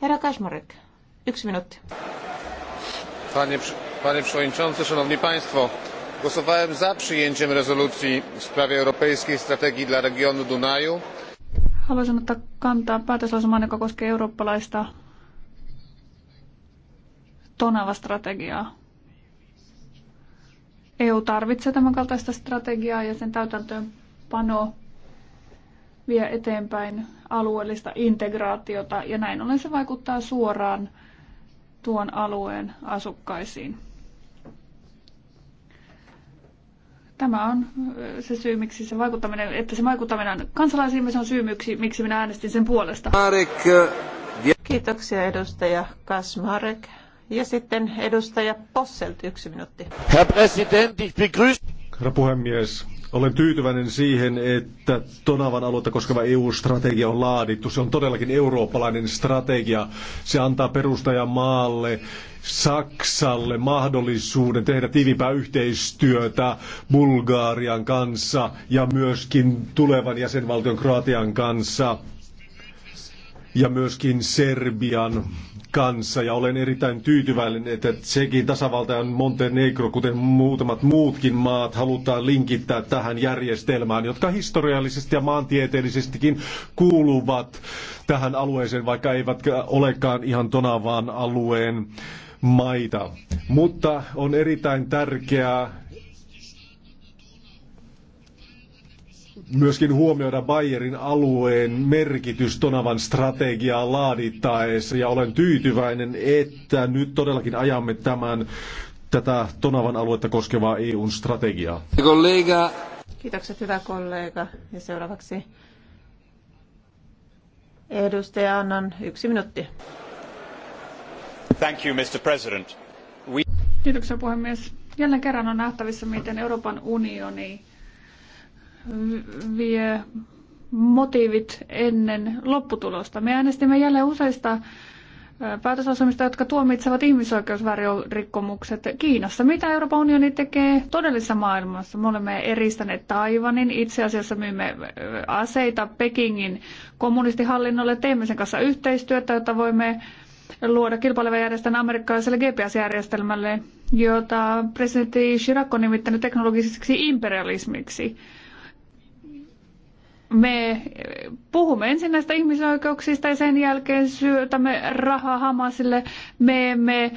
Herra Kaczmarek, yksi minuutti. Panie, panie przewodniczący, szanowni państwo, głosowałem za przyjęciem rezolucji w sprawie europejskiej strategii dla regionu Dunaju. Haluaisin ottaa kantaa päätöslausumaan, joka koskee eurooppalaista Tonava-strategiaa. EU tarvitsee tämän kaltaista strategiaa ja sen täytäntöönpano vie eteenpäin alueellista integraatiota ja näin ollen se vaikuttaa suoraan tuon alueen asukkaisiin. Tämä on se syy, miksi se vaikuttaminen, että se vaikuttaminen kansalaisiin se on syy, miksi, miksi minä äänestin sen puolesta. Kiitoksia edustaja Kasmarek. Ja sitten edustaja Posselt, yksi minuutti. Herr Präsident, ich begrüße... Herra puhemies, olen tyytyväinen siihen, että Tonavan aluetta koskeva EU-strategia on laadittu. Se on todellakin eurooppalainen strategia. Se antaa perustajamaalle, Saksalle mahdollisuuden tehdä tiivimpää yhteistyötä Bulgaarian kanssa ja myöskin tulevan jäsenvaltion Kroatian kanssa ja myöskin Serbian kanssa. Ja olen erittäin tyytyväinen, että sekin tasavalta ja Montenegro, kuten muutamat muutkin maat, halutaan linkittää tähän järjestelmään, jotka historiallisesti ja maantieteellisestikin kuuluvat tähän alueeseen, vaikka eivät olekaan ihan Tonavaan alueen maita. Mutta on erittäin tärkeää, myöskin huomioida Bayerin alueen merkitys Tonavan strategiaa laadittaessa ja olen tyytyväinen, että nyt todellakin ajamme tämän tätä Tonavan aluetta koskevaa EUn strategiaa. Kollega. Kiitokset hyvä kollega ja seuraavaksi edustaja Annan yksi minuutti. Thank you, Mr. President. We... Kiitoksia puhemies. Jälleen kerran on nähtävissä, miten Euroopan unioni vie motiivit ennen lopputulosta. Me äänestimme jälleen useista päätösasemista, jotka tuomitsevat ihmisoikeusvärjorikkomukset Kiinassa. Mitä Euroopan unioni tekee todellisessa maailmassa? Me olemme eristäneet Taiwanin, itse asiassa myymme aseita Pekingin kommunistihallinnolle, teemme sen kanssa yhteistyötä, jotta voimme luoda kilpailevan järjestelmän amerikkalaiselle GPS-järjestelmälle, jota presidentti Chirac on nimittänyt teknologiseksi imperialismiksi me puhumme ensin näistä ihmisoikeuksista ja sen jälkeen syötämme rahaa Hamasille. Me emme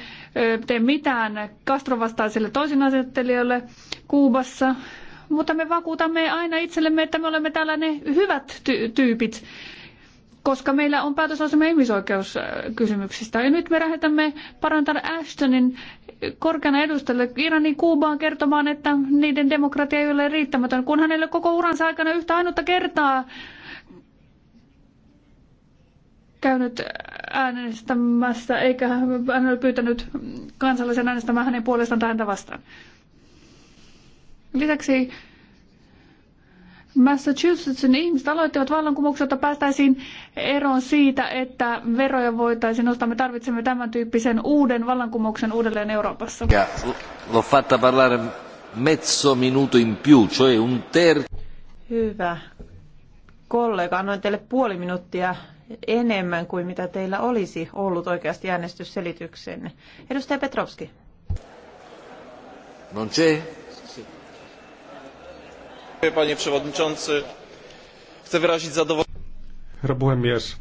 tee mitään kastrovastaisille toisinasettelijoille Kuubassa, mutta me vakuutamme aina itsellemme, että me olemme täällä ne hyvät ty- tyypit koska meillä on päätösasema ihmisoikeuskysymyksistä. Ja nyt me lähetämme parantar Ashtonin korkeana edustajalle Iranin Kuubaan kertomaan, että niiden demokratia ei ole riittämätön, kun hänelle koko uransa aikana yhtä ainutta kertaa käynyt äänestämässä, eikä hän ole pyytänyt kansalaisen äänestämään hänen puolestaan tai häntä vastaan. Lisäksi Massachusettsin ihmiset aloittivat vallankumouksen, jotta päästäisiin eroon siitä, että veroja voitaisiin nostaa. Me tarvitsemme tämän tyyppisen uuden vallankumouksen uudelleen Euroopassa. Ja, l'ho fatta parlare mezzo minuto in più, cioè un Hyvä. Kollega, annoin teille puoli minuuttia enemmän kuin mitä teillä olisi ollut oikeasti äänestysselityksenne. Edustaja Petrovski. Non c'è? Panie przewodniczący, chcę wyrazić zadowolenie. Herra puhemies,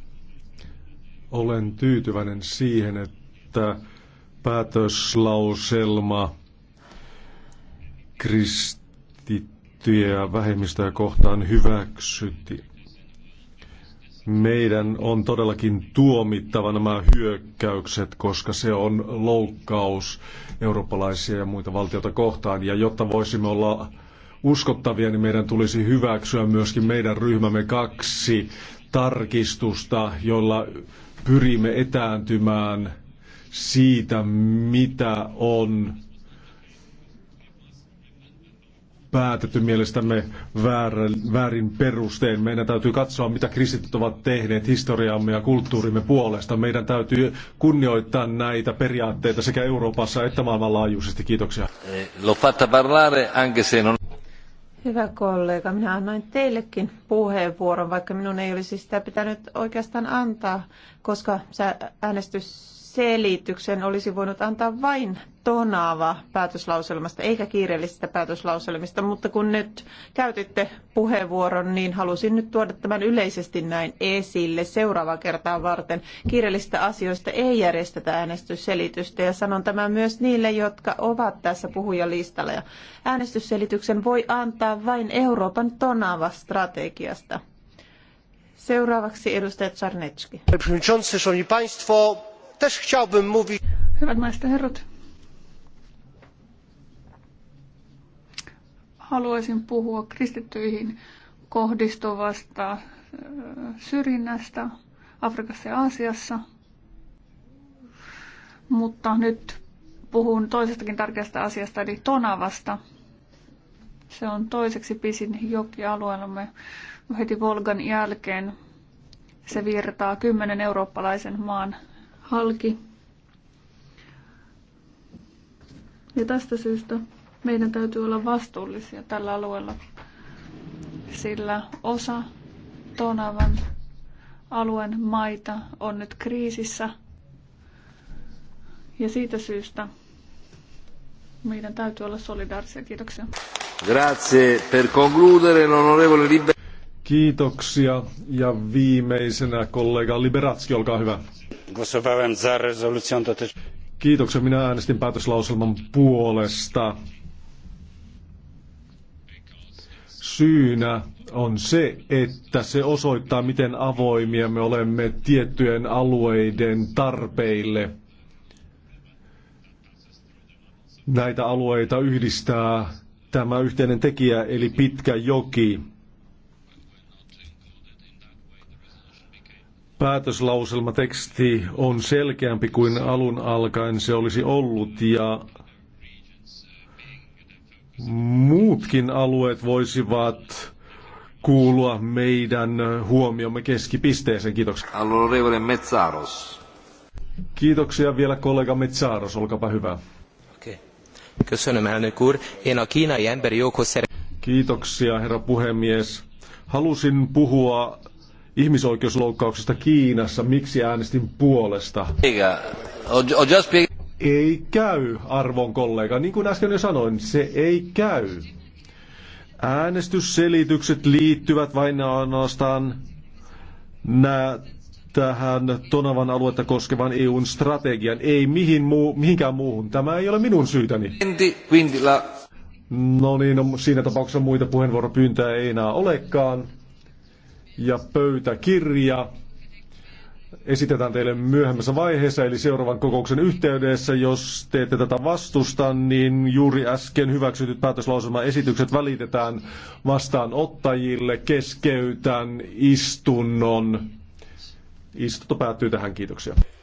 olen tyytyväinen siihen, että päätöslauselma kristittyjä vähemmistöjä kohtaan hyväksyttiin. Meidän on todellakin tuomittava nämä hyökkäykset, koska se on loukkaus eurooppalaisia ja muita valtioita kohtaan. Ja jotta voisimme olla uskottavia, niin meidän tulisi hyväksyä myöskin meidän ryhmämme kaksi tarkistusta, jolla pyrimme etääntymään siitä, mitä on päätetty mielestämme väärin, väärin perusteen. Meidän täytyy katsoa, mitä kristityt ovat tehneet historiamme ja kulttuurimme puolesta. Meidän täytyy kunnioittaa näitä periaatteita sekä Euroopassa että maailmanlaajuisesti. Kiitoksia. Eh, l'ho fatta parlare anche se non... Hyvä kollega, minä annoin teillekin puheenvuoron, vaikka minun ei olisi sitä pitänyt oikeastaan antaa, koska äänestys selityksen olisi voinut antaa vain tonaava päätöslauselmasta, eikä kiireellisistä päätöslauselmista, mutta kun nyt käytitte puheenvuoron, niin halusin nyt tuoda tämän yleisesti näin esille seuraavaa kertaa varten. Kiireellisistä asioista ei järjestetä äänestysselitystä ja sanon tämän myös niille, jotka ovat tässä puhujalistalla. Ja äänestysselityksen voi antaa vain Euroopan tonaava strategiasta. Seuraavaksi edustaja Czarnecki. Panie Przewodniczący, Szanowni Państwo, Też chciałbym mówić... Hyvät naiset ja herrat. Haluaisin puhua kristittyihin kohdistuvasta äh, syrjinnästä Afrikassa ja Aasiassa. Mutta nyt puhun toisestakin tärkeästä asiasta, eli Tonavasta. Se on toiseksi pisin joki alueellamme heti Volgan jälkeen. Se virtaa kymmenen eurooppalaisen maan halki. Ja tästä syystä meidän täytyy olla vastuullisia tällä alueella, sillä osa Tonavan alueen maita on nyt kriisissä. Ja siitä syystä meidän täytyy olla solidaarisia. Kiitoksia. Grazie per concludere l'onorevole Liber... Kiitoksia ja viimeisenä kollega Liberatski, olkaa hyvä. Głosowałem za rezolucją dotyczącą... Kiitoksia. Minä äänestin päätöslauselman puolesta. Syynä on se, että se osoittaa, miten avoimia me olemme tiettyjen alueiden tarpeille. Näitä alueita yhdistää tämä yhteinen tekijä, eli pitkä joki. päätöslauselmateksti on selkeämpi kuin alun alkaen se olisi ollut ja muutkin alueet voisivat kuulua meidän huomiomme keskipisteeseen. Kiitoksia. Allorevole Metsaros. Kiitoksia vielä kollega Metsaros, olkapa hyvä. Kiitoksia, herra puhemies. Halusin puhua ihmisoikeusloukkauksista Kiinassa, miksi äänestin puolesta. Ei käy, arvon kollega. Niin kuin äsken jo sanoin, se ei käy. Äänestysselitykset liittyvät vain ainoastaan nä- tähän Tonavan aluetta koskevan EUn strategian, ei mihin muu, mihinkään muuhun. Tämä ei ole minun syytäni. No niin, no, siinä tapauksessa muita puheenvuoropyyntöjä ei enää olekaan ja pöytäkirja esitetään teille myöhemmässä vaiheessa, eli seuraavan kokouksen yhteydessä. Jos teette tätä vastusta, niin juuri äsken hyväksytyt esitykset välitetään vastaanottajille. Keskeytän istunnon. Istunto päättyy tähän. Kiitoksia.